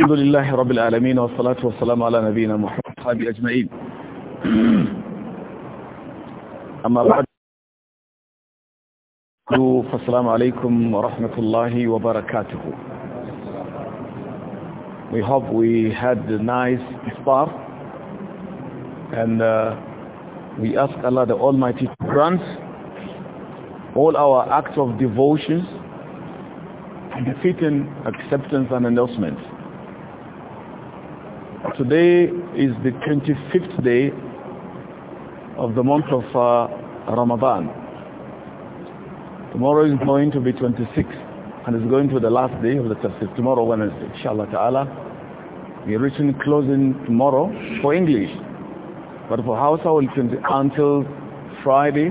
الحمد لله رب العالمين والصلاة والسلام على نبينا محمد صحابي أجمعين أما بعد فالسلام عليكم ورحمة الله وبركاته We hope we had a nice iftar and uh, we ask Allah the Almighty to grant all our acts of devotions and fitting acceptance and endorsement. Today is the 25th day of the month of uh, Ramadan. Tomorrow is going to be 26th and it's going to the last day of the tafsir. Tomorrow it's inshallah ta'ala. We're reaching closing tomorrow for English. But for Hausa will continue until Friday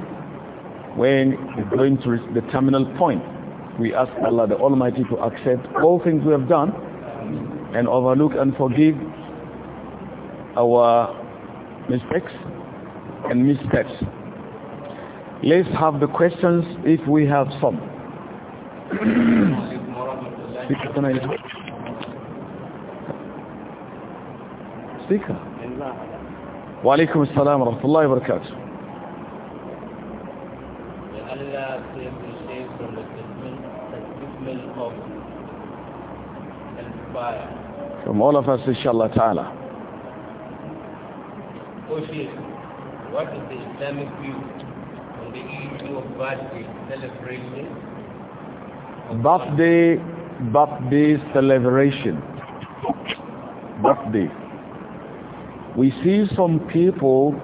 when it's going to reach the terminal point. We ask Allah the Almighty to accept all things we have done and overlook and forgive our mistakes and missteps. Let's have the questions if we have some. Speaker. Wa alaikum assalam wa rahmatullahi wa barakatuh. Allah save the from the judgment of fire. From all of us, inshallah ta'ala what is the Islamic view on the issue of birthday celebration? Birthday, birthday celebration. Birthday. We see some people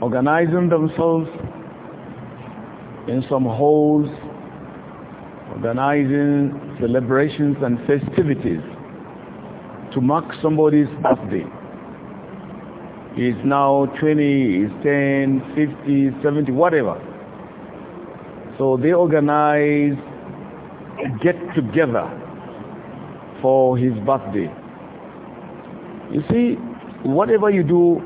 organizing themselves in some halls, organizing celebrations and festivities to mark somebody's birthday is now 20, is 10, 50, 70, whatever. So they organize a get together for his birthday. You see, whatever you do,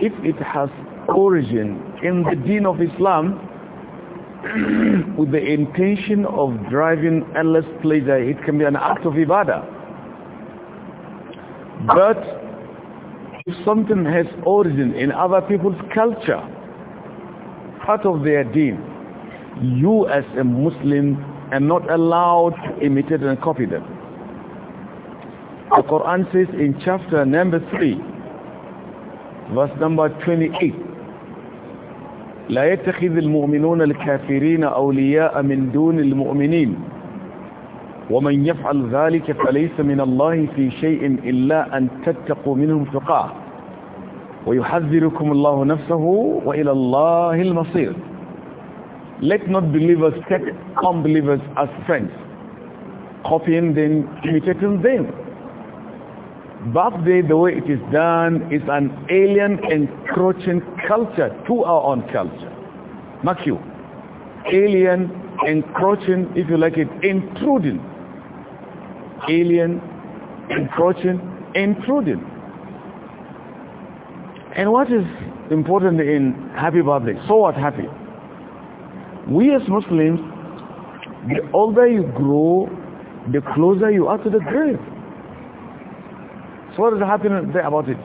if it has origin in the deen of Islam, with the intention of driving endless pleasure, it can be an act of ibadah. But if something has origin in other people's culture, part of their deen, you as a Muslim are not allowed to imitate and copy them. The Quran says in chapter number 3, verse number 28, لا يتخذ المؤمنون الكافرين أولياء من دون المؤمنين ومن يفعل ذلك فليس من الله في شيء إلا أن تتقوا منهم تقاه وَيُحَذِّرُكُمُ اللَّهُ نَفْسَهُ وَإِلَى اللَّهِ الْمَصِيرُ Let not believers take unbelievers as friends, copying them, imitating them. Birthday, the way it is done, is an alien encroaching culture to our own culture. Mark you, alien encroaching, if you like it, intruding. Alien encroaching, intruding. And what is important in happy birthday? So what happy? We as Muslims, the older you grow, the closer you are to the grave. So what is happening there about it?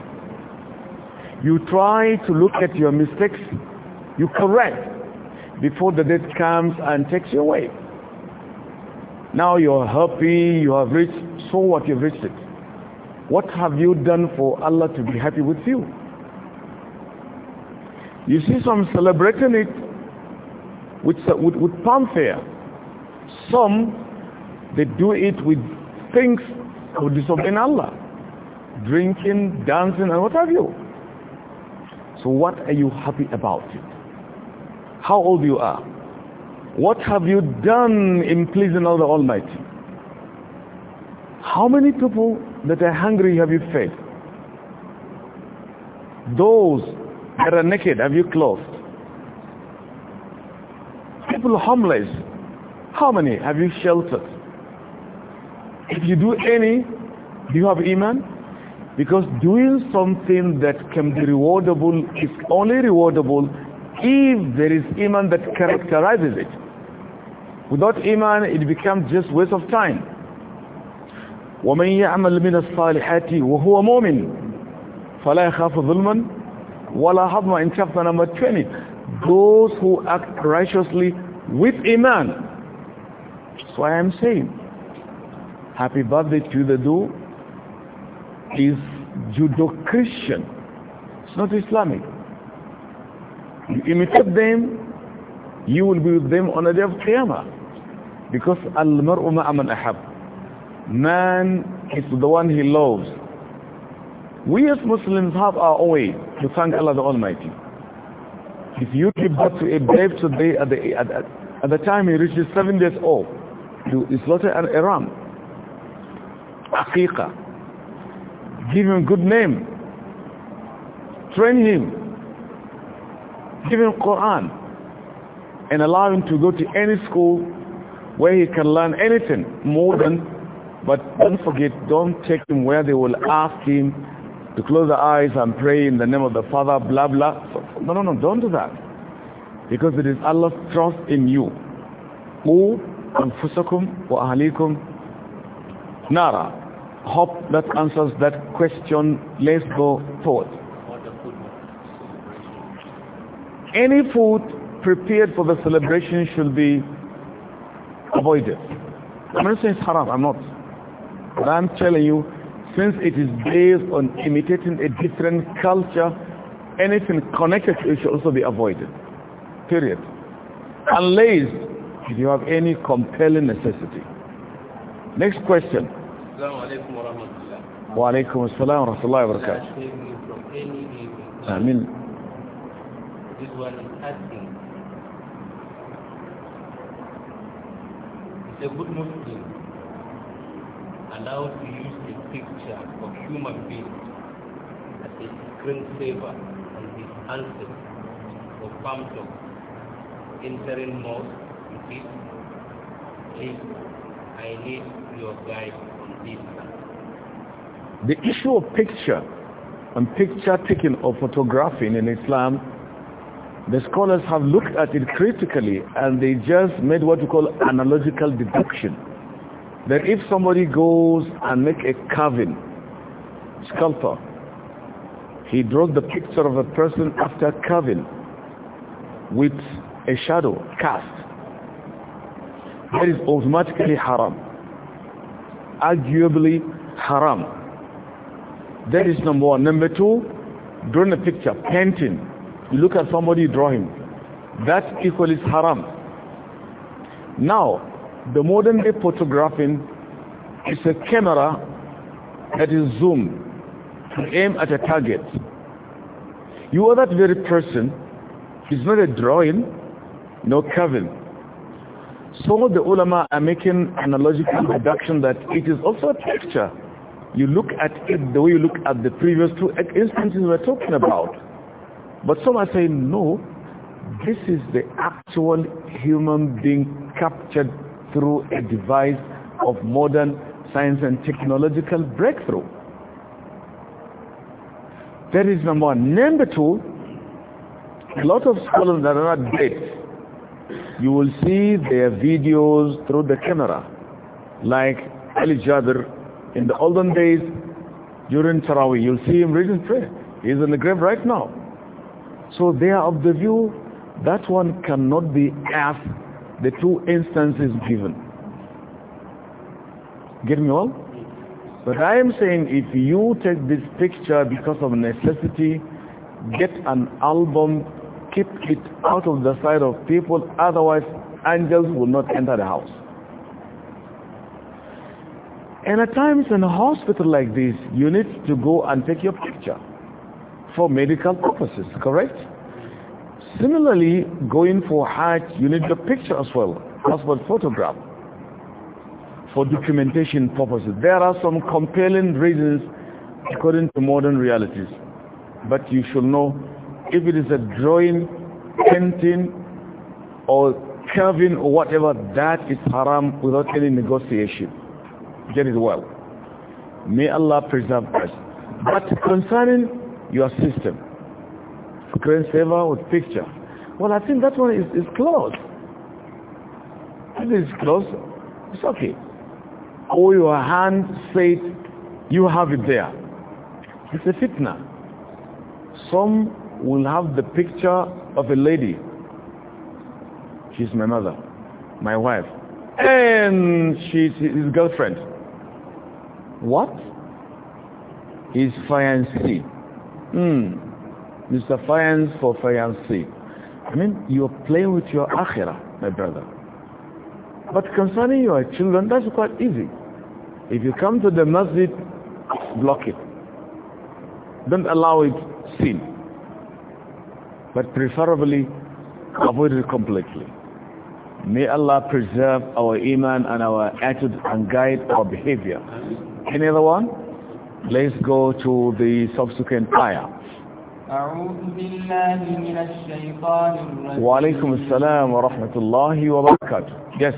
You try to look at your mistakes, you correct before the death comes and takes you away. Now you're happy, you have reached, so what you've reached it. What have you done for Allah to be happy with you? You see some celebrating it with, with, with Some, they do it with things of disobeying Allah. Drinking, dancing, and what have you. So what are you happy about it? How old you are? What have you done in pleasing Allah the Almighty? How many people that are hungry have you fed? Those that are naked have you clothed? People homeless, how many have you sheltered? If you do any, do you have iman? Because doing something that can be rewardable is only rewardable if there is iman that characterizes it. Without iman, it becomes just waste of time. ومن يعمل من الصالحات وهو مؤمن فلا يخاف ظلما Wala habma in chapter number 20. Those who act righteously with Iman. That's why I'm saying, happy birthday to the do is Judo-Christian. It's not Islamic. You imitate them, you will be with them on the day of Qiyamah. Because al-mar'u ma'aman ahab. Man is the one he loves. We as Muslims have our own way to thank Allah the Almighty. If you give birth to a babe today at the, at, at, at the time he reaches seven days old, you slaughter an ram. Aqiqah. Give him good name. Train him. Give him Quran. And allow him to go to any school where he can learn anything more than but don't forget, don't take him where they will ask him to close the eyes and pray in the name of the Father, blah, blah. No, no, no, don't do that. Because it is Allah's trust in you. anfusakum wa nara. Hope that answers that question. Let's go forward. Any food prepared for the celebration should be avoided. I'm not saying it's haram, I'm not. But I'm telling you, since it is based on imitating a different culture, anything connected to it should also be avoided. Period. Unless if you have any compelling necessity. Next question. Wa alaikum assalam wa rahmatullahi wa barakatuh. Amin. This one is asking. It's a good Muslim allowed to use picture of human beings as a screensaver on his ancestors for Pamtok, entering mosque with it, please, I need your guide on this. The issue of picture and picture taking or photographing in Islam, the scholars have looked at it critically and they just made what we call analogical deduction that if somebody goes and make a carving, sculptor, he draws the picture of a person after carving with a shadow cast. That is automatically haram. Arguably haram. That is number one. Number two, drawing a picture, painting. You look at somebody, draw him. That equal is haram. Now, the modern day photographing is a camera that is zoomed to aim at a target. You are that very person. It's not a drawing, no carving. So the ulama are making analogical deduction that it is also a picture. You look at it the way you look at the previous two instances we we're talking about. But some are saying, no, this is the actual human being captured through a device of modern science and technological breakthrough. That is number one. Number two, a lot of scholars that are not dead, you will see their videos through the camera, like Ali Jadr in the olden days during Taraweeh. You'll see him reading prayer. He's in the grave right now. So they are of the view that one cannot be asked the two instances given. Get me all? But I am saying if you take this picture because of necessity, get an album, keep it out of the sight of people, otherwise angels will not enter the house. And at times in a hospital like this, you need to go and take your picture for medical purposes, correct? Similarly, going for Hajj, you need the picture as well, as well photograph, for documentation purposes. There are some compelling reasons according to modern realities. But you should know if it is a drawing, painting, or carving or whatever, that is haram without any negotiation. Get it well. May Allah preserve us. But concerning your system, screensaver with picture. Well, I think that one is, is closed. If it's closed, it's okay. Or your hand said, you have it there. It's a fitna. Some will have the picture of a lady. She's my mother, my wife, and she's his girlfriend. What? His fiancée. Hmm misaffiance for fiancé. I mean, you're playing with your akhirah, my brother. But concerning your children, that's quite easy. If you come to the masjid, block it. Don't allow it sin. But preferably, avoid it completely. May Allah preserve our iman and our attitude and guide our behavior. Any other one? Let's go to the subsequent ayah. أعوذ بالله من الشيطان الرجيم وعليكم السلام ورحمة الله وبركاته Yes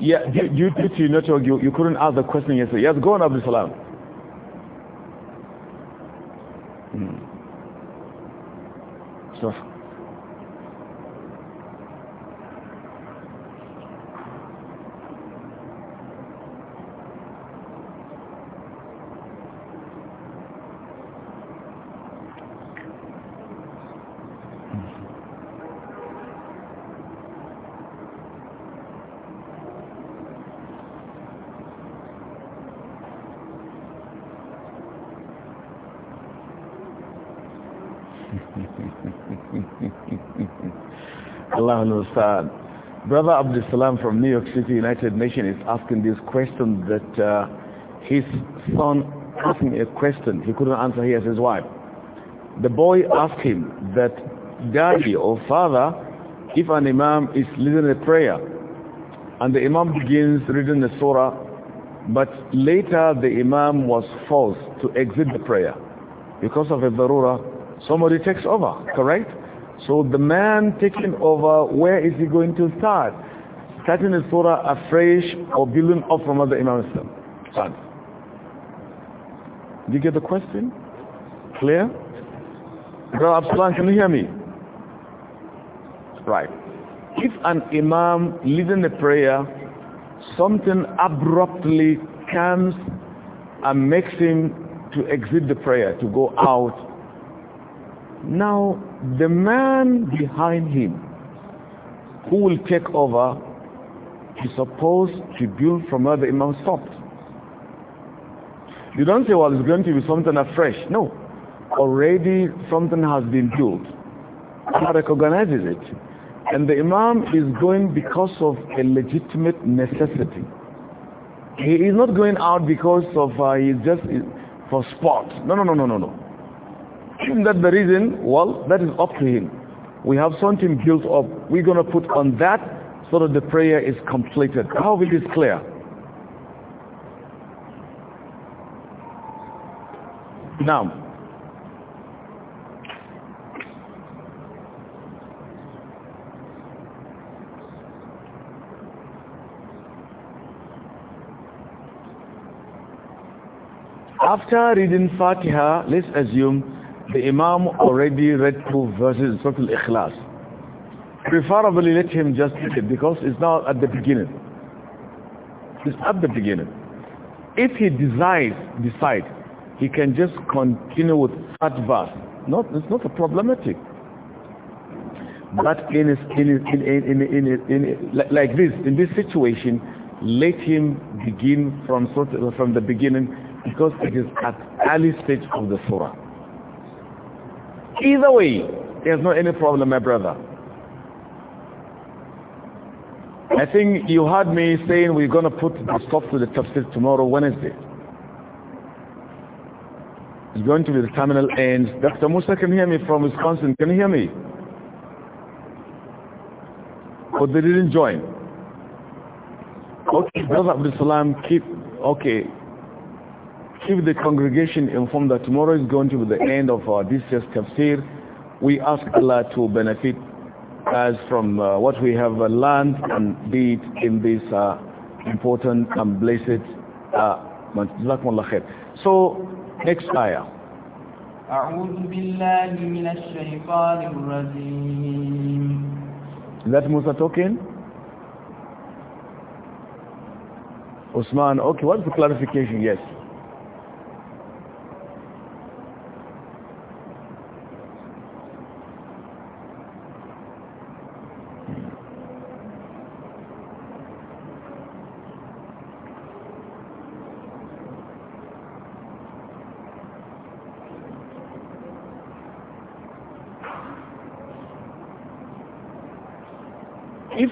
Yeah, you, you, you, network, you, you couldn't ask the question yesterday. Yes, go on, Abdul Salam. Hmm. So. Allah Nusad. Brother Abdul Salam from New York City, United Nations, is asking this question that uh, his son asked him a question. He couldn't answer. He has his wife. The boy asked him that daddy or father, if an imam is leading a prayer, and the imam begins reading the surah, but later the imam was forced to exit the prayer because of a darura, somebody takes over, correct? So the man taking over, where is he going to start? Starting the surah afresh or building up from other Imam Islam. Son. Do you get the question? Clear? Brother Absalom, can you hear me? Right. If an imam leading the prayer, something abruptly comes and makes him to exit the prayer, to go out, now, the man behind him who will take over is supposed to build from where the Imam stopped. You don't say, well, it's going to be something afresh. No. Already something has been built. Allah recognizes it. And the Imam is going because of a legitimate necessity. He is not going out because of uh, he's just uh, for sport. No, no, no, no, no, no that the reason? Well, that is up to him. We have something built up. We're going to put on that so that the prayer is completed. How will this clear? Now, after reading Fatiha, let's assume the Imam already read two verses in Surah Al-Ikhlas. Preferably let him just read it because it's now at the beginning. It's at the beginning. If he decides, decide, he can just continue with that verse. Not, it's not a problematic. But in, his, in, his, in, in, in, in, in, like this, in this situation, let him begin from, from the beginning because it is at early stage of the surah. Either way, there's not any problem, my brother. I think you heard me saying we're going to put a stop to the tafsir tomorrow, Wednesday. It's going to be the terminal end. Dr. Musa can hear me from Wisconsin. Can you hear me? But oh, they didn't join. Okay, Brother Abdul Salam, keep, okay, if the congregation informed that tomorrow is going to be the end of our uh, this year's tafsir, we ask Allah to benefit us from uh, what we have uh, learned and did in this uh, important and blessed uh, month. So, next ayah. أعوذ بالله من الشيطان الرجيم Is that Musa talking? Usman, okay, what's the clarification? Yes.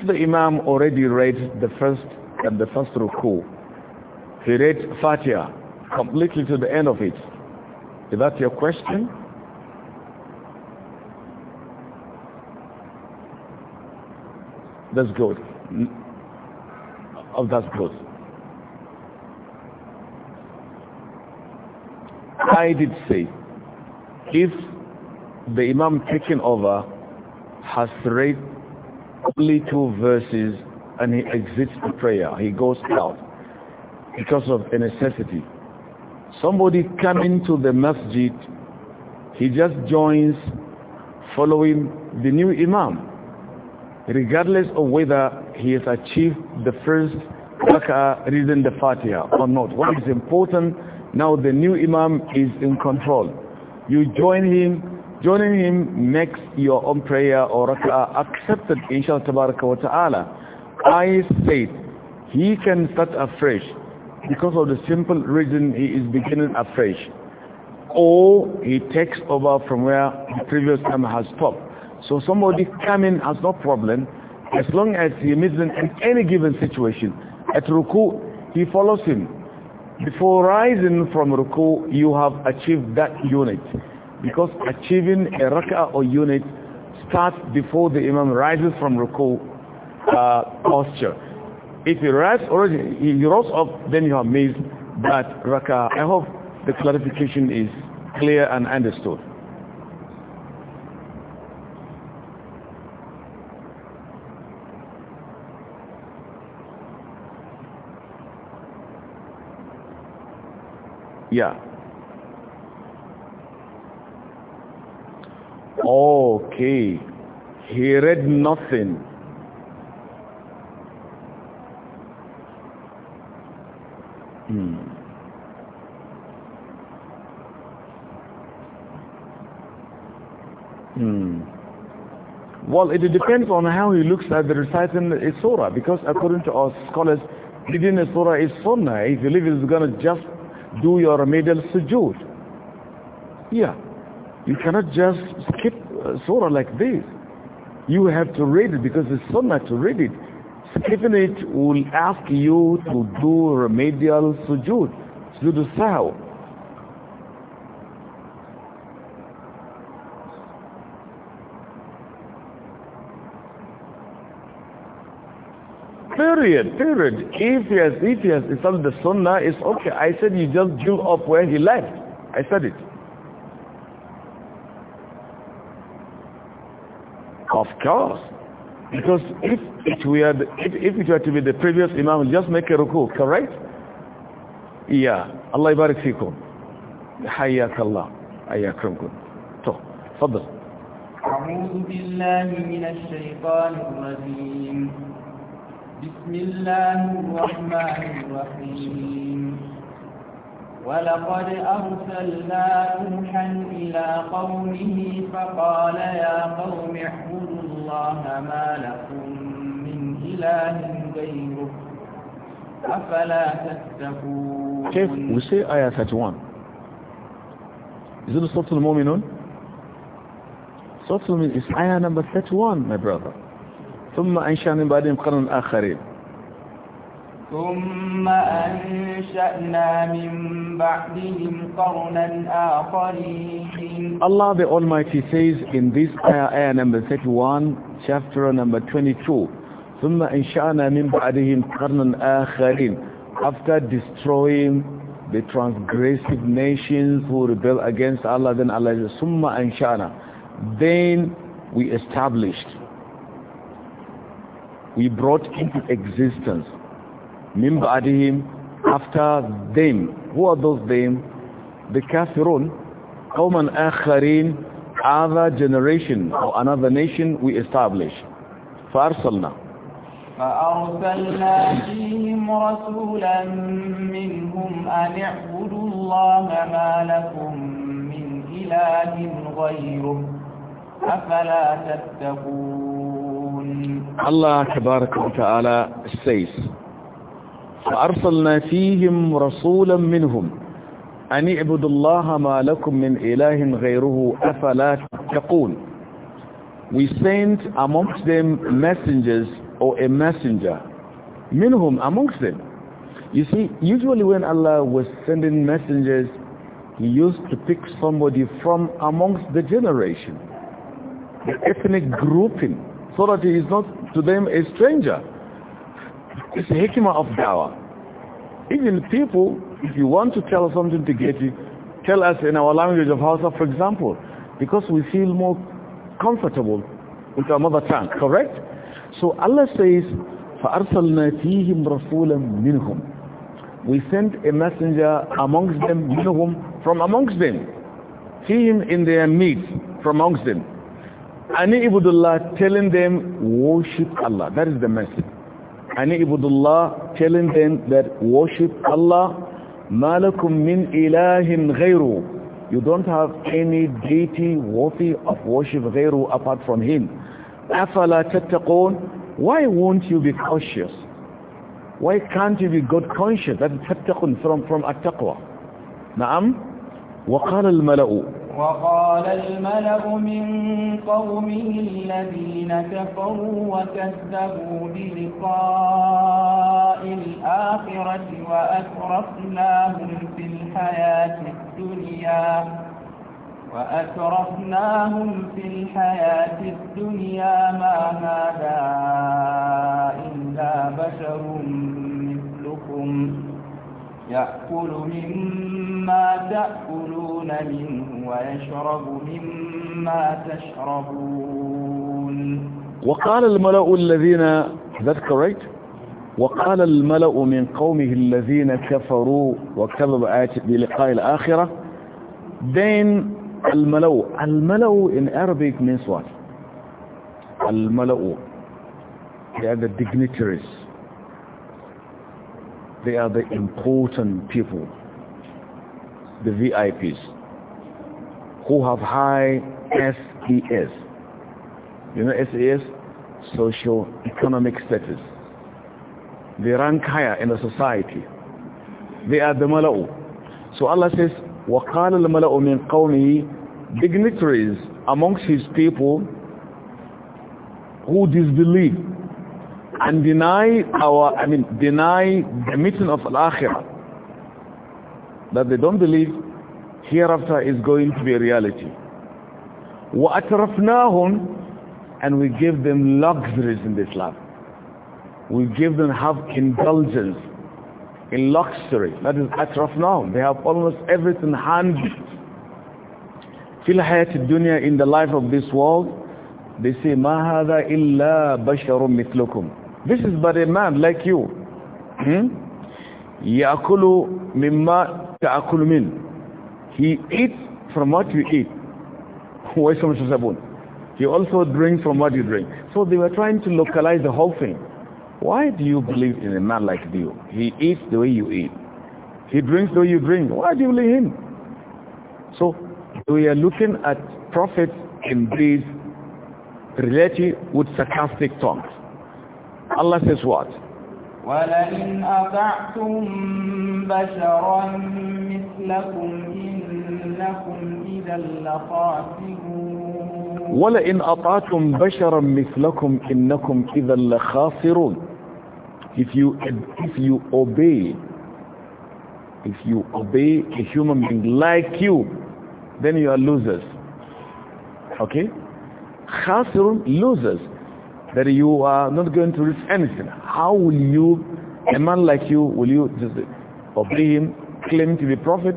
the Imam already read the first and uh, the first ruku, he read Fatiha completely to the end of it. Is that your question? That's good. Oh, that's good. I did say, if the Imam taking over has read only two verses and he exits the prayer. He goes out because of a necessity. Somebody coming to the masjid, he just joins following the new imam, regardless of whether he has achieved the first rak'ah reading the fatiha or not. What is important, now the new imam is in control. You join him joining him makes your own prayer or rak'ah accepted inshallah tabaraka wa ta'ala I said he can start afresh because of the simple reason he is beginning afresh or he takes over from where the previous time has stopped so somebody coming has no problem as long as he meets in any given situation at ruku he follows him before rising from ruku you have achieved that unit because achieving a raka'ah or unit starts before the imam rises from ruku uh, posture. If he rises already, he rose up, then you have missed that raka'ah. I hope the clarification is clear and understood. Yeah. Okay. He read nothing. Hmm. Hmm. Well, it depends on how he looks at the reciting a surah, because according to our scholars, reading a surah is sunnah. If you leave, it's going to just do your middle sujood. Yeah. You cannot just skip surah like this. You have to read it because it's sunnah to read it. Skipping it will ask you to do remedial sujood, sujood sahw. Period, period. If he has, if he has insulted the sunnah, it's okay. I said you just drew up where he left. I said it. Of course. Because if it were, the, if, if it were to be the previous Imam, just make a ruku, correct? Yeah. Allah ibarik fikum. Hayyakallah. Hayyakramkum. So, faddal. أعوذ بالله من الشيطان الرجيم بسم الله الرحمن الرحيم ولقد أرسلنا نوحا إلى قومه فقال يا قوم اعبدوا الله ما لكم من إله غيره أفلا تتقون كيف وسي آية 31 is it Surah Al-Mu'minun Surah Al-Mu'minun is ayah number 31 my brother ثم أنشأنا من بعدهم قرن آخرين ثم أنشأنا من بعدهم قرنا آخرين Allah the Almighty says in this ayah, ayah number 31, chapter number 22, ثم أنشأنا من بعدهم قرنا آخرين After destroying the transgressive nations who rebel against Allah, then Allah says, ثم أنشأنا Then we established, we brought into existence من بعدهم after them who are those them the kafirun قوما آخرين other generation or another nation we establish فارسلنا فأرسلنا فيهم رسولا منهم أن اعبدوا الله ما لكم من إله غيره أفلا تتقون الله تبارك وتعالى says فأرسلنا فيهم رسولا منهم أن اعبدوا الله ما لكم من إله غيره أفلا We sent amongst them messengers or a messenger منهم amongst them You see, usually when Allah was sending messengers He used to pick somebody from amongst the generation the ethnic grouping so that he is not to them a stranger it's the hikmah of dawah. Even people, if you want to tell something to get it, tell us in our language of Hausa, for example, because we feel more comfortable with our mother tongue, correct? So Allah says, فَأَرْسَلْنَا فِيهِمْ رَسُولًا مِنْهُمْ We sent a messenger amongst them, minhum, from amongst them. him in their midst, from amongst them. Ani Ibudullah telling them, worship Allah. That is the message. ani ibudullah telling them that worship Allah malakum min ilahin ghairu you don't have any deity worthy of worship ghairu apart from him afala tattaqun why won't you be cautious why can't you be god conscious that tattaqun from from at-taqwa na'am وقال الملأ وقال الملأ من قومه الذين كفروا وكذبوا بلقاء الآخرة وأترفناهم في الحياة الدنيا وأترفناهم في الحياة الدنيا ما هذا إلا بشر مثلكم يأكل مما تأكلون منه ويشرب مما تشربون وقال الملأ الذين that's correct وقال الملأ من قومه الذين كفروا وكذب آيات بلقاء الآخرة then الملأ الملأ in Arabic means what الملأ they are the dignitaries They are the important people, the VIPs, who have high SES. You know SES? Social economic status. They rank higher in the society. They are the mala'u. So Allah says, وَقَالَ الْمَلَأُ مِنْ قَوْمِهِ Dignitaries amongst his people who disbelieve and deny our, I mean, deny the meeting of Al-Akhirah. That they don't believe hereafter is going to be a reality. وَأَتْرَفْنَاهُمْ And we give them luxuries in this life. We give them have indulgence in luxury. That is أَتْرَفْنَاهُمْ They have almost everything handy. فِي الْحَيَاةِ الدُّنْيَا In the life of this world, they say, مَا هَذَا إِلَّا بَشَرٌ مِثْلُكُمْ this is but a man like you. Hmm? He eats from what you eat. He also drinks from what you drink. So they were trying to localize the whole thing. Why do you believe in a man like you? He eats the way you eat. He drinks the way you drink. Why do you believe him? So we are looking at prophets in these related with sarcastic tongues. الله says what? وَلَئِنْ أَطَعْتُمْ بَشَرًا مِثْلَكُمْ إِنَّكُمْ إِذًا لَخَاسِرُونَ وَلَئِنْ أَطَعْتُمْ بَشَرًا مِثْلَكُمْ إِنَّكُمْ إِذًا لَخَاسِرُونَ If you, if you obey if you obey a human being like you, then you are losers. Okay? خاسرون losers. that you are not going to reach anything. How will you, a man like you, will you just obey him, claim to be prophet?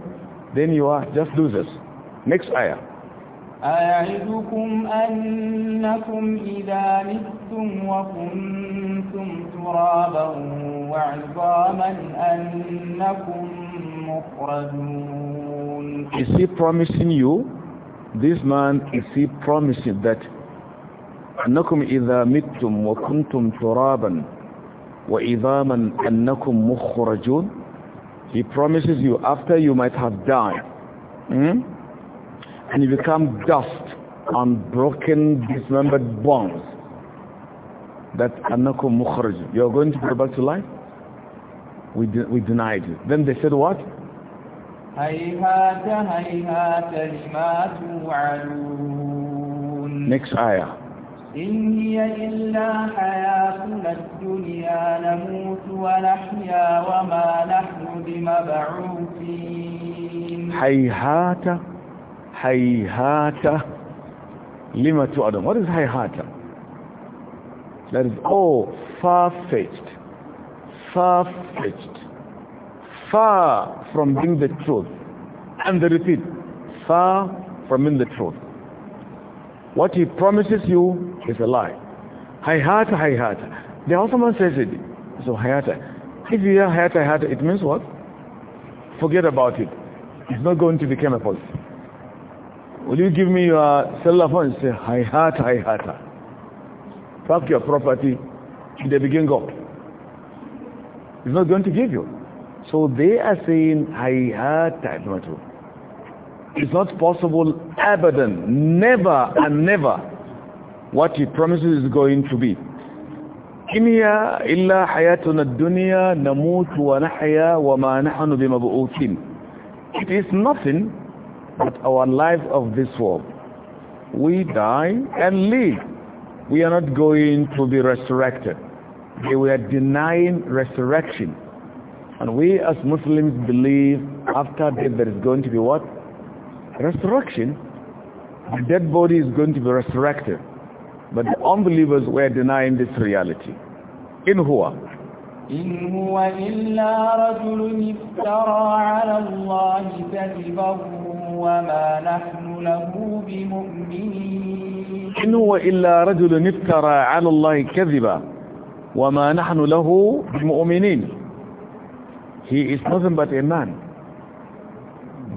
Then you are just losers. Next ayah. أيعدكم أنكم إذا متم وكنتم ترابا وعظاما أنكم مخرجون Is he promising you? This man is he promising that أنكم إذا متم وكنتم ترابا وإذاما أنكم مخرجون He promises you after you might have died hmm? and you become dust on broken dismembered bones that أنكم مخرجون You are going to go back to life? We, de we denied it. Then they said what? Next ayah إن هي إلا حياتنا الدنيا نموت ونحيا وما نحن بمبعوثين هيهات هيهات لما تؤدم what is هيهات that is all oh far-fetched far-fetched far from being the truth and the repeat far from being the truth What he promises you is a lie. Hayata, hayata. The Ottoman says it. So hayata. If you hear hayata, hayata, it means what? Forget about it. It's not going to become a policy. Will you give me your cell phone? Say hayata, hayata. Pack your property. They begin go. It's not going to give you. So they are saying hayata, hayata. It's not possible, abadan, never and never, what he promises is going to be. إن هي dunya حياتنا wa نموت wa وما نحن بمبعوثين It is nothing but our life of this world. We die and live. We are not going to be resurrected. They were denying resurrection. And we as Muslims believe after death there is going to be what? resurrection. The dead body is going to be resurrected. But the unbelievers were denying this reality. In huwa. إن هو إلا رجل افترى على الله كذبا وما نحن له بمؤمنين إن هو إلا رجل افترى على الله كذبا وما نحن له بمؤمنين He is nothing but a man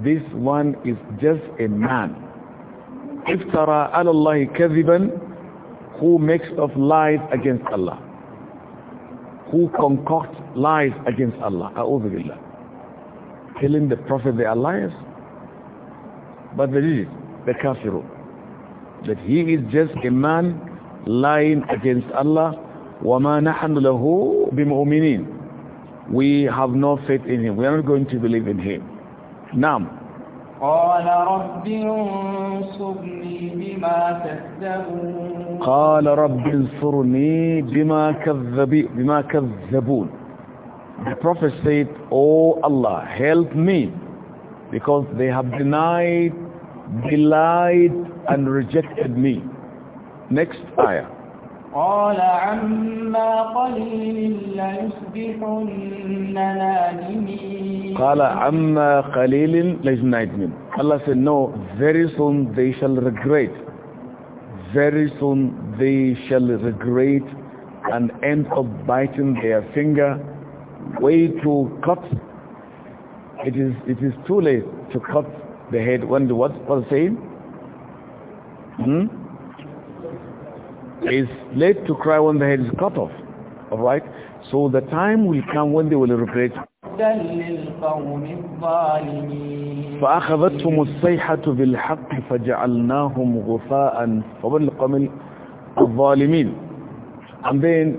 this one is just a man افترى ala الله kaziban, who makes of lies against Allah who concocts lies against Allah أعوذ بالله killing the prophet they are liars but the did the kafiru, that he is just a man lying against Allah وَمَا نَحَنُ لَهُ بِمُؤْمِنِينَ we have no faith in him we are not going to believe in him نعم قال rabbi انصرني بما كذبون قال رب انصرني بما كذبي بما كذبون The prophet said, Oh Allah, help me because they have denied, belied and rejected me. Next ayah. قال عما قليل ليصبحن نادمين قال عما قليل ليصبحن نادمين Allah said no very soon they shall regret very soon they shall regret and end up biting their finger way to cut it is it is too late to cut the head when the what was saying hmm is late to cry when the head is cut off. All right? So the time will come when they will regret. فأخذتهم الصيحة بالحق فجعلناهم غفاء فبل القوم الظالمين and then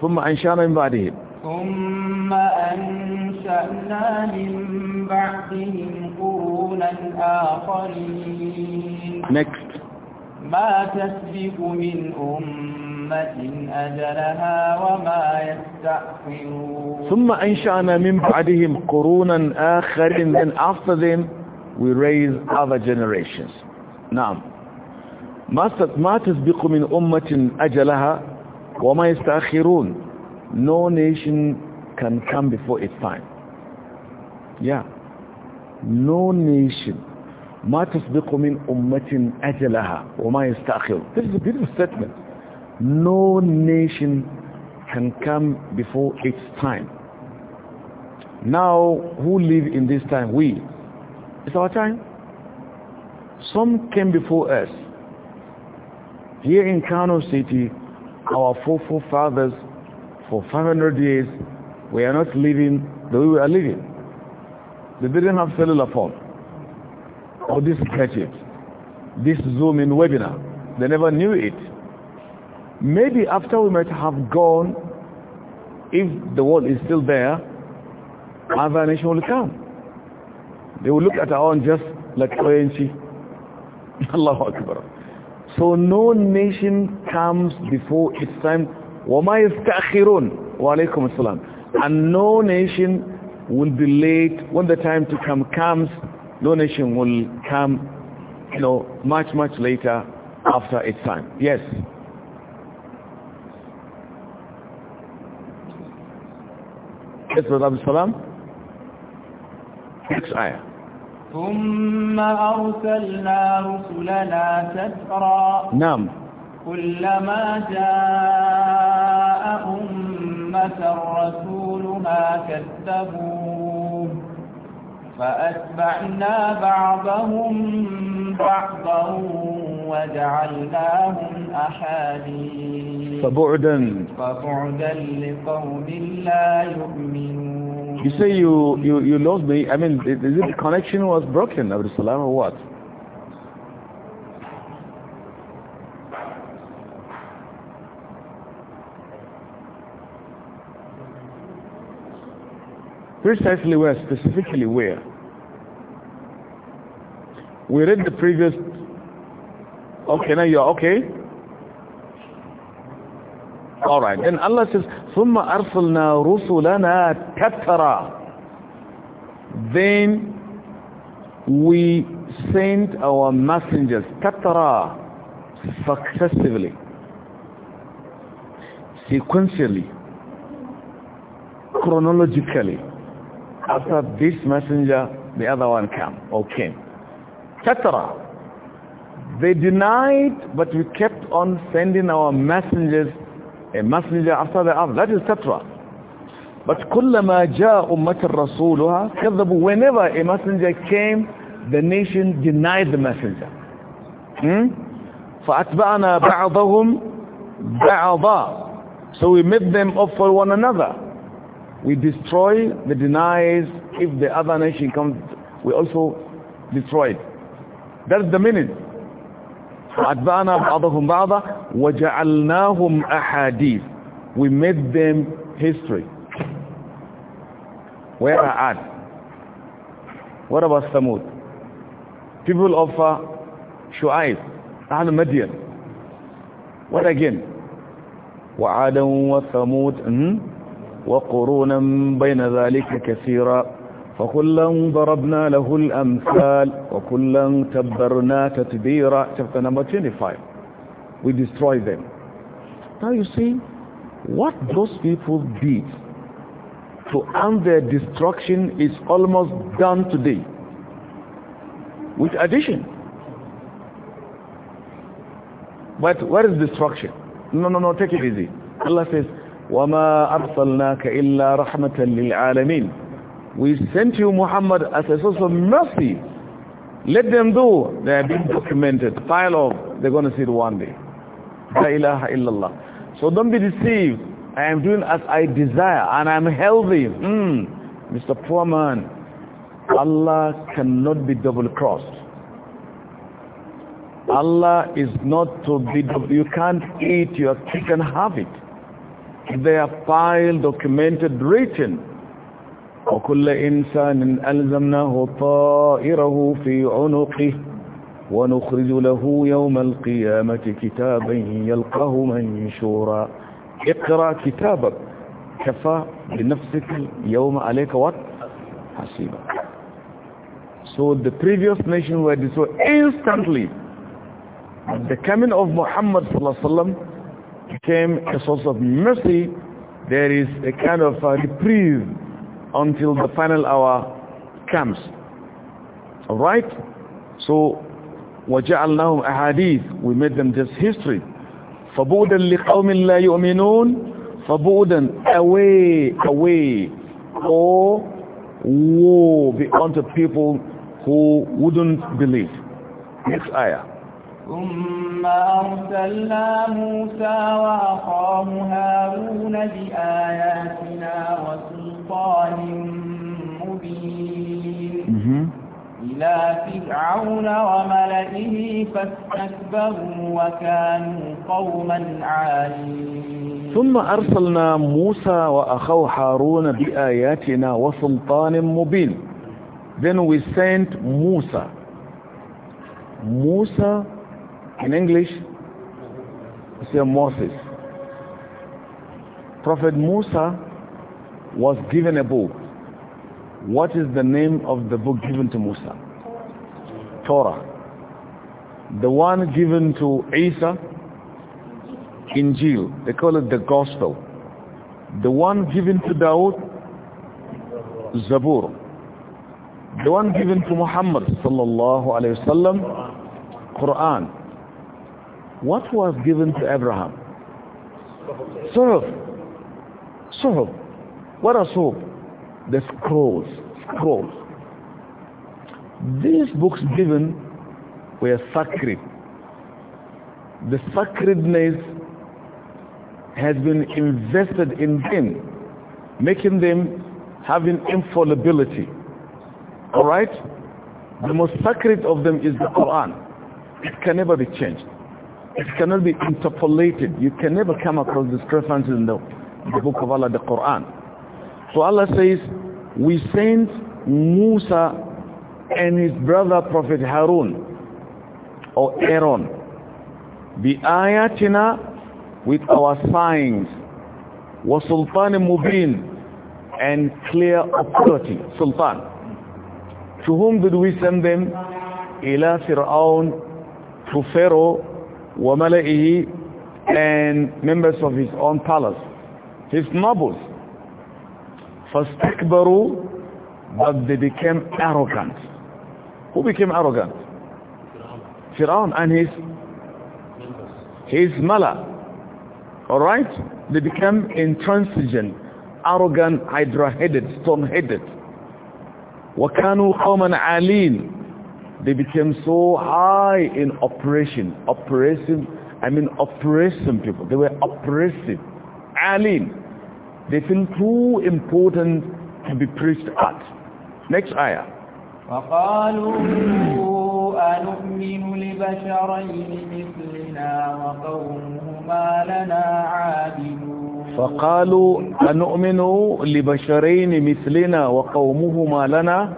ثم أنشأنا من بعدهم ثم أنشأنا من بعدهم قرونا آخرين next ما تسبق من أمة أجلها وما يستأخرون ثم أنشأنا من بعدهم قرونا آخرين then after them we raise other generations نعم ما تسبق من أمة أجلها وما يستأخرون no nation can come before its time yeah no nation ما تسبق من أمة أجلها وما يستأخر This is a beautiful statement No nation can come before its time Now who live in this time? We It's our time Some came before us Here in Kano City Our forefathers for 500 years We are not living the way we are living They didn't have cellular phone or this gadget, this Zoom in webinar. They never knew it. Maybe after we might have gone, if the world is still there, other nation will come. They will look at our own just like ONG. Allahu Akbar. So no nation comes before its time. وَمَا يَسْتَأْخِرُونَ وَعَلَيْكُمْ السَّلَامُ And no nation will be late when the time to come comes donation will come you know much much later after its time yes yes brother Abdul Salam next ayah ثم أرسلنا رسلنا تترى نعم كلما جاء أمة رسولها كذبوا فأتبعنا بعضهم بعضا وجعلناهم أحاديث فبعدا فبعدا لقوم لا يؤمنون You say you, you, you lost me. I mean, is it the connection was broken, Abdul Salam, or what? Precisely where, specifically where. We read the previous... Okay, now you're okay? All right. Then Allah says, ثُمَّ أَرْسَلْنَا رُسُلَنَا تَتْرَى Then we sent our messengers, تَتْرَى, successively, sequentially, chronologically after this messenger, the other one came or came. Cetera. They denied, but we kept on sending our messengers, a messenger after the other. That is cetera. But كلما جاء أمة رسولها كذبوا whenever a messenger came, the nation denied the messenger. Hmm? فأتبعنا بعضهم بعضا. So we made them up for one another. We destroy the deniers if the other nation comes, we also destroy it. That's the meaning. أَتْبَعْنَا بَعْضَهُمْ بَعْضًا وَجَعَلْنَاهُمْ أَحَادِيث We made them history. Where are at? What about Samud? People of uh, Shu'aib, Ahl What again? وَعَادًا وَثَمُودًا hmm? وقرونا بين ذلك كثيرا فكلا ضربنا له الأمثال وكلا تبرنا تتبيرا chapter number 25 we destroy them now you see what those people did to end their destruction is almost done today with addition but what is destruction no no no take it easy Allah says وَمَا أَرْسَلْنَاكَ إِلَّا لِلْعَالَمِينَ We sent you Muhammad as a source of mercy. Let them do. They have been documented. File of. They're going to see it one day. La ilaha illallah. So don't be deceived. I am doing as I desire and I'm healthy. Mm. Mr. Poor Man, Allah cannot be double-crossed. Allah is not to be, you can't eat your chicken, have it. they are filed, documented, written. وكل إنسان ألزمناه طائره في عنقه ونخرج له يوم القيامة كتابا يلقه منشورا اقرأ كتابك كفى بنفسك يوم عليك وقت حسيبا So the previous nation were destroyed instantly. At the coming of Muhammad sallallahu alaihi wasallam became a source of mercy, there is a kind of a reprieve until the final hour comes. Alright? So, وَجَعَلْنَاهُمْ أَحَادِيث We made them just history. فَبُعْدًا لِقَوْمٍ لَا يُؤْمِنُونَ فَبُعْدًا Away, away. Or woe be unto people who wouldn't believe. Next ayah. ثم أرسلنا موسى وأخاه هارون بآياتنا وسلطان مبين إلى فرعون وملئه فاستكبروا وكانوا قوما عالين ثم أرسلنا موسى وأخاه هارون بآياتنا وسلطان مبين Then we sent Musa. Musa In English, we say Moses. Prophet Musa was given a book. What is the name of the book given to Musa? Torah. The one given to Isa, Injil. They call it the Gospel. The one given to Dawud. Zabur. The one given to Muhammad sallallahu alayhi wasallam, Quran. What was given to Abraham? Suhuf. Suhuf. What are suhuf? The scrolls. Scrolls. These books given were sacred. The sacredness has been invested in them, making them having infallibility. All right? The most sacred of them is the Quran. It can never be changed. It cannot be interpolated. You can never come across discrepancies in the, the book of Allah, the Quran. So Allah says, we sent Musa and his brother Prophet Harun or Aaron the ayatina with our signs was sultan mubin and clear authority sultan to whom did we send them ila fir'aun to pharaoh وملئه and members of his own palace, his nobles. فَاسْتَكْبَرُوا But they became arrogant. Who became arrogant? Fir'aun and his his mala. right? They became intransigent, arrogant, hydra-headed, stone-headed. وَكَانُوا قَوْمًا عَالِينَ they became so high in operation, oppressive, I mean oppressive people. They were oppressive, alim. They feel too important to be preached at. Next ayah. فَقَالُوا أنؤمن لبشرين مثلنا وقومهما لنا عابدون فقالوا أنؤمن لبشرين مثلنا وقومهما لنا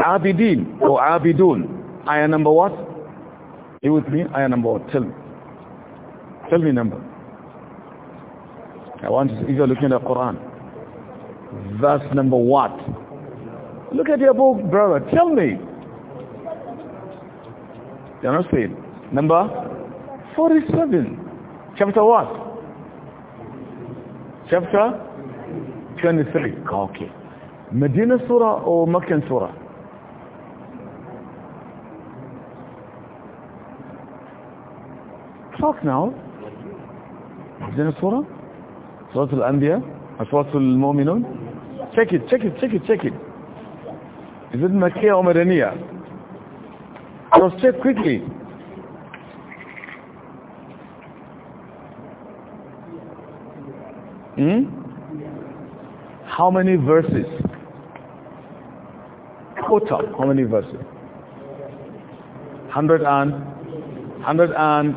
Abidin or Abidun. Ayah number what? You with me? Ayah number what? Tell me. Tell me number. I want to, if you're looking at the Quran, verse number what? Look at your book, brother. Tell me. You're not saying. Number 47. Chapter what? Chapter 23. Okay. Medina Surah or Meccan Surah? talk now. Is it surah? Surah Al-Anbiya? Surah Al-Mu'minun? Check it, check it, check it, check it. Is it Makkah or Madaniya? So check quickly. Hmm? How many verses? Total, how many verses? 100 and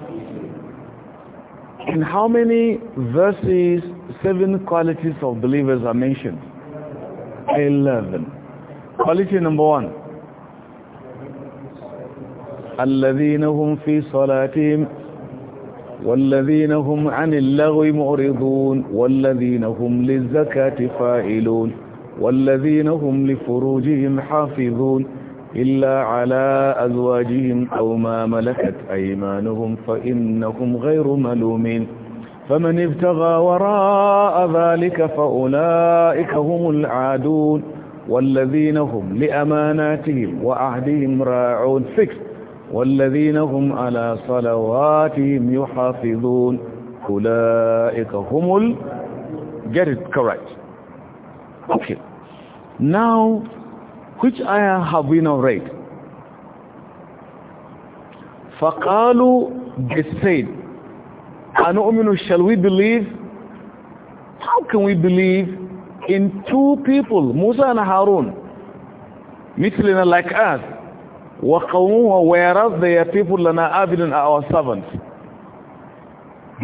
in how many verses seven qualities of believers are mentioned? Eleven. Quality number one. الذين هم في صلاتهم والذين هم عن اللغو معرضون والذين هم للزكاة فاعلون والذين هم لفروجهم حافظون إلا على أزواجهم أو ما ملكت أيمانهم فإنهم غير ملومين فمن ابتغى وراء ذلك فأولئك هم العادون والذين هم لأماناتهم وأهدهم راعون فكس والذين هم على صلواتهم يحافظون أولئك هم ال... get it correct okay now Which ayah have we now read? فَقَالُوا They said, أَنُؤْمِنُ Shall we believe? How can we believe in two people, Musa and Harun? مثلنا like us. وَقَوْمُهَا Whereas their people لَنَا عَبِدًا our servants.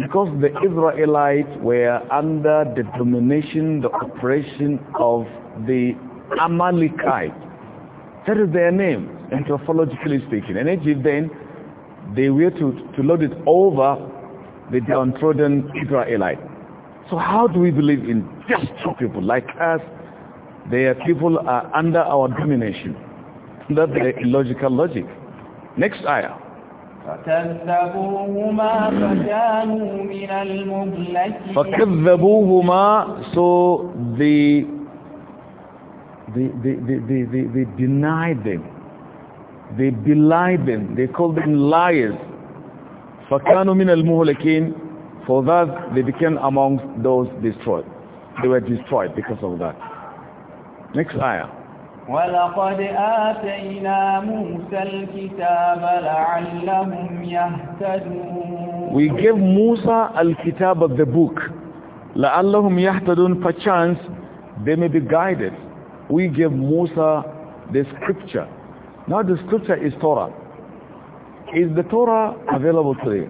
Because the Israelites were under the domination, the oppression of the Amalekites. That is their name, anthropologically speaking. And Egypt then, they were to, to load it over the downtrodden Israelite. So how do we believe in just two people like us? Their people are under our domination. That's the illogical logic. Next ayah. فكذبوهما فكانوا من فكذبوهما so the they, they, they, they, they, deny denied them. They belied them. They called them liars. فَكَانُوا مِنَ الْمُهُلَكِينَ For that, they became amongst those destroyed. They were destroyed because of that. Next ayah. ولقد آتينا موسى الكتاب لعلهم يهتدون We gave Musa al-kitab of the book لعلهم يهتدون perchance they may be guided we gave Musa the scripture. Now the scripture is Torah. Is the Torah available today?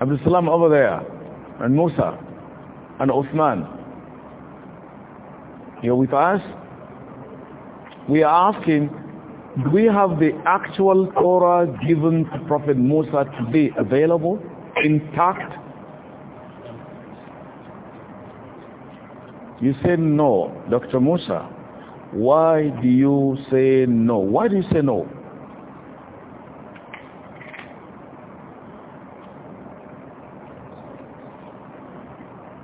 Abdul Salam over there, and Musa, and Uthman. You're with us? We are asking, do we have the actual Torah given to Prophet Musa be available, intact? You say no. Dr. Musa, why do you say no? Why do you say no?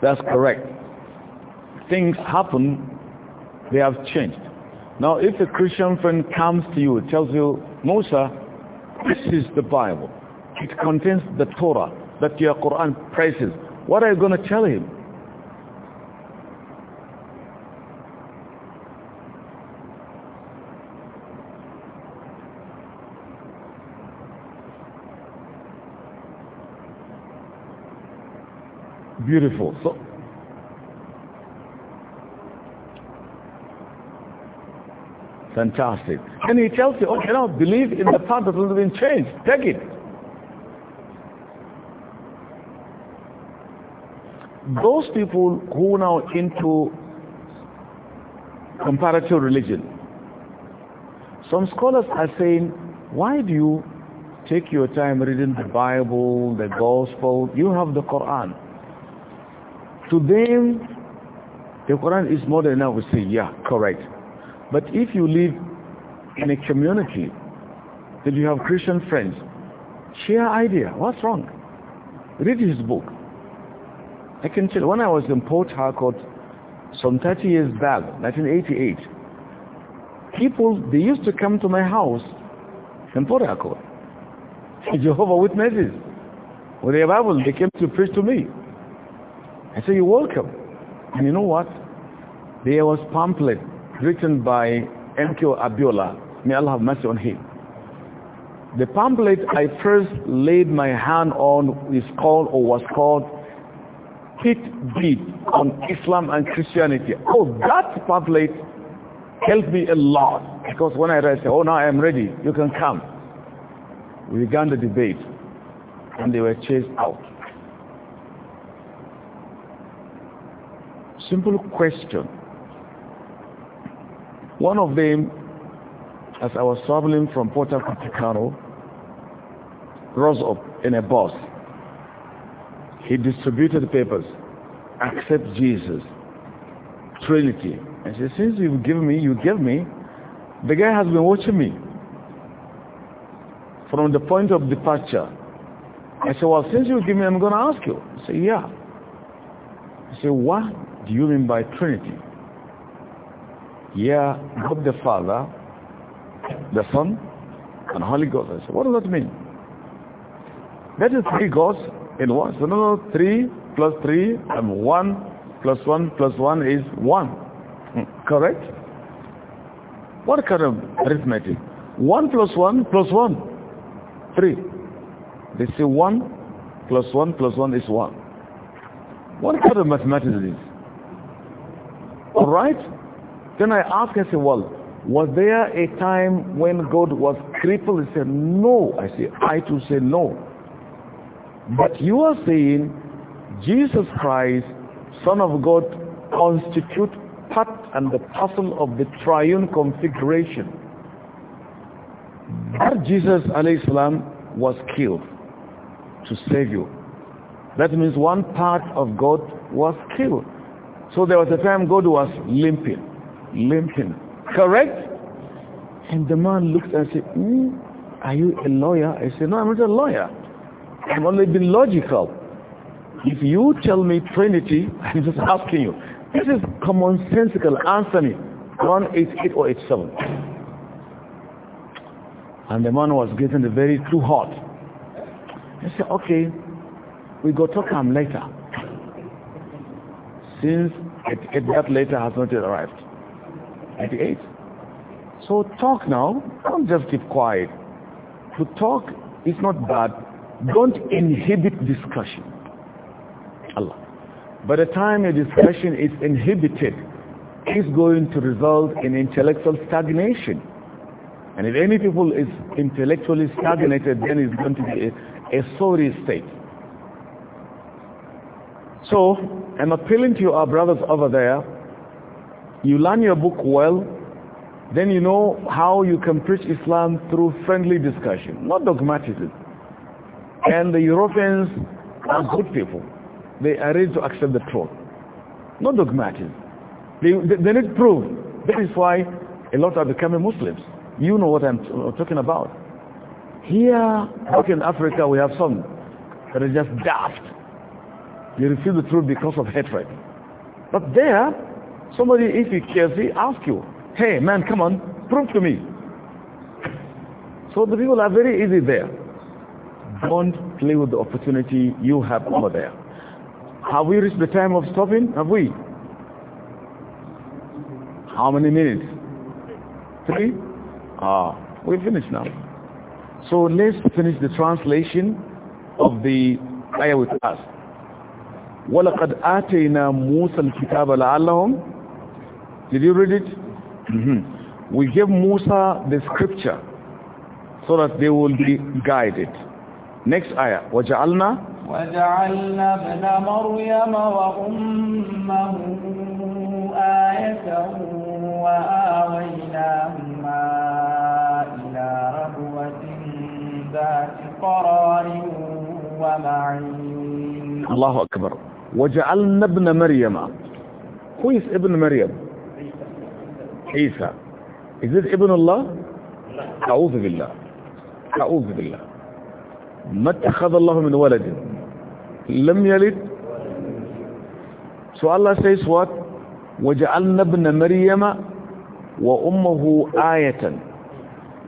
That's correct. Things happen, they have changed. Now, if a Christian friend comes to you, tells you, Musa, this is the Bible. It contains the Torah that your Quran praises. What are you going to tell him? beautiful. So, fantastic. And he tells you, okay, now believe in the fact that has been changed. Take it. Those people who now into comparative religion, some scholars are saying, why do you take your time reading the Bible, the Gospel? You have the Quran to them the Quran is more than enough to say yeah correct but if you live in a community that you have Christian friends share idea what's wrong read his book I can tell when I was in Port Harcourt some 30 years back 1988 people they used to come to my house in Port Harcourt Jehovah Witnesses with their Bible they came to preach to me I say, you're welcome. And you know what? There was pamphlet written by M.K. Abiola. May Allah have mercy on him. The pamphlet I first laid my hand on is called or was called Hit Beat on Islam and Christianity. Oh, that pamphlet helped me a lot because when I read, I said, oh, now I am ready. You can come. We began the debate and they were chased out. simple question. One of them, as I was traveling from Port Harcourt to rose up in a bus. He distributed papers, accept Jesus, Trinity. And she since you have given me, you give me. The guy has been watching me from the point of departure. I said, well, since you give me, I'm going to ask you. He said, yeah. I said, what do you mean by Trinity? Yeah, God the Father, the Son, and Holy Ghost. I said, what does that mean? That is three gods in one. So no, no, three plus three and one plus one plus one is one. Hmm, correct? What kind of arithmetic? One plus one plus one. Three. They say one plus one plus one is one. What kind of mathematics is this? All right? Then I asked, I said, well, was there a time when God was crippled? He said, no. I said, I too say no. But you are saying Jesus Christ, Son of God, constitute part and the parcel of the triune configuration. That Jesus alayhi salam was killed to save you. That means one part of God was killed. So there was a time God was limping, limping, correct? And the man looked and said, mm, are you a lawyer? I said, no, I'm not a lawyer. I'm only being logical. If you tell me Trinity, I'm just asking you. This is commonsensical. Answer me. 188 or 87. And the man was getting very too hot. I said, okay, we go talk to him later since 88 that letter has not yet arrived 88 so talk now don't just keep quiet to talk is not bad don't inhibit discussion Allah by the time a discussion is inhibited it's going to result in intellectual stagnation. And if any people is intellectually stagnated, then it's going to be a, a sorry state. So, I'm appealing to you, our brothers over there. You learn your book well, then you know how you can preach Islam through friendly discussion, not dogmatism. And the Europeans are good people. They are ready to accept the truth, not dogmatism. They, they, they need proof. That is why a lot are becoming Muslims. You know what I'm uh, talking about. Here, back in Africa, we have some that are just daft you receive the truth because of hatred. But there, somebody, if he cares, he asks you, hey, man, come on, prove to me. So the people are very easy there. Don't play with the opportunity you have over there. Have we reached the time of stopping? Have we? How many minutes? Three? Ah, we finished now. So let's finish the translation of the ayah with us. وَلَقَدْ آتَيْنَا مُوسَى الْكِتَابَ لَعَلَّهُمْ Did you read it? Mm -hmm. We gave Musa the scripture so that they will be guided. Next ayah. وَجَعَلْنَا وَجَعَلْنَا ابْنَ مَرْيَمَ وَأُمَّهُ آيَةً وَآوَيْنَاهُمَا إِلَى رَبْوَةٍ ذَاتِ قَرَارٍ وَمَعِينٍ الله أكبر وجعلنا ابن مريم كويس ابن مريم عيسى عيسى it ابن الله أعوذ بالله أعوذ بالله ما اتخذ الله من ولد لم يلد سؤال الله says وجعلنا ابن مريم وأمه آية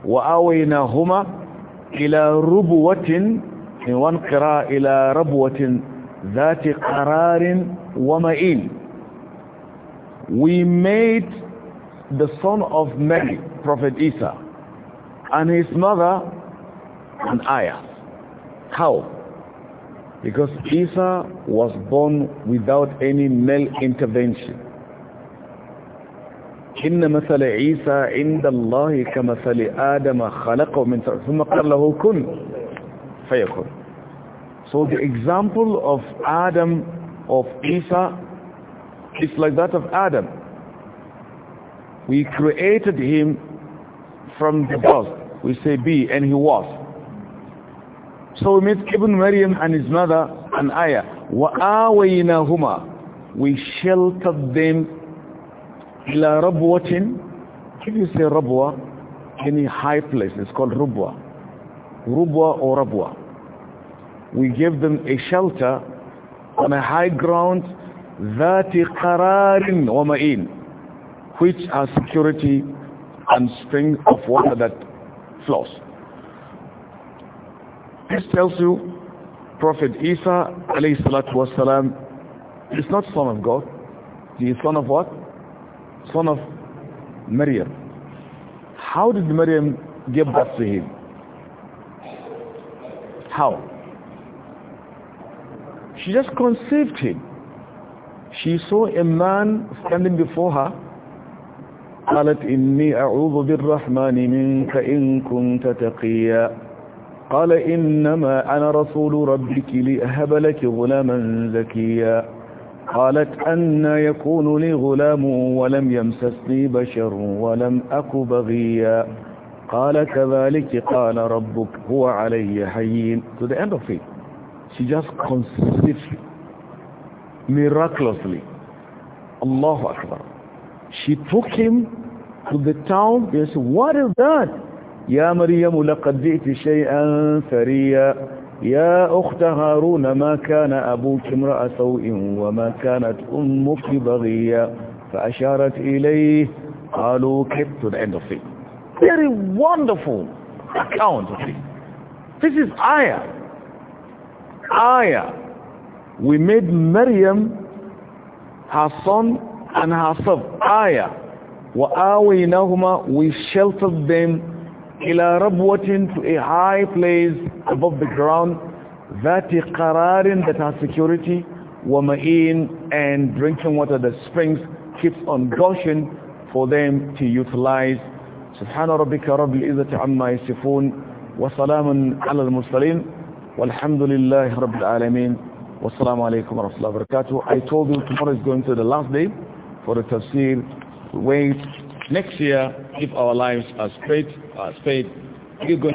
وآويناهما إلى ربوة من وانقرى إلى ربوة ذات قرار ومئين we made the son of Mary, Prophet Isa, and his mother an ayah. How? Because Isa was born without any male intervention. إن مثل عيسى عند الله كمثل آدم خلقه من ثم قال له كن فيكون so the example of Adam, of Isa, is like that of Adam. We created him from the dust. We say be, and he was. So we meet Ibn Maryam and his mother and Ayah. وَآوَيْنَاهُمَا We sheltered them إِلَى رَبْوَةٍ If you say rabwa, any high place, it's called rubwa. Rubwa or rabwa we give them a shelter on a high ground ذات قرار ومئين which has security and spring of water that flows. This tells you Prophet Isa alayhi is not son of God. He is son of what? Son of Maryam. How did Maryam give birth to him? How? She just conceived him. She saw a man standing before her. قالت إني أعوذ بالرحمن منك إن كنت تقيا قال إنما أنا رسول ربك لأهب لك غلاما زكيا قالت أنا يكون لي غلام ولم يمسسني بشر ولم أك بغيا قال كذلك قال ربك هو علي حيين to the end of it She just conceived miraculously. Allahu Akbar. She took him to the town. They said, what is that? يا مريم لقد جئت شيئا ثريا يا أخت هارون ما كان أبوك امرأ سوء وما كانت أمك بغية فأشارت إليه قالوا كيف to the end of it. Very wonderful account of it. This is ayah. ayah, we made Maryam, her son, and son ayah. وآويناهما, we sheltered them إلى to a high place above the ground that قرار that has security ومئين and drinking water the springs keeps on gushing for them to utilize سبحان ربك رب العزة عما يصفون وسلام على المرسلين والحمد لله رب العالمين والسلام عليكم ورحمة الله وبركاته I told you tomorrow is going to the last day for the tafsir wait next year if our lives are straight are straight we're going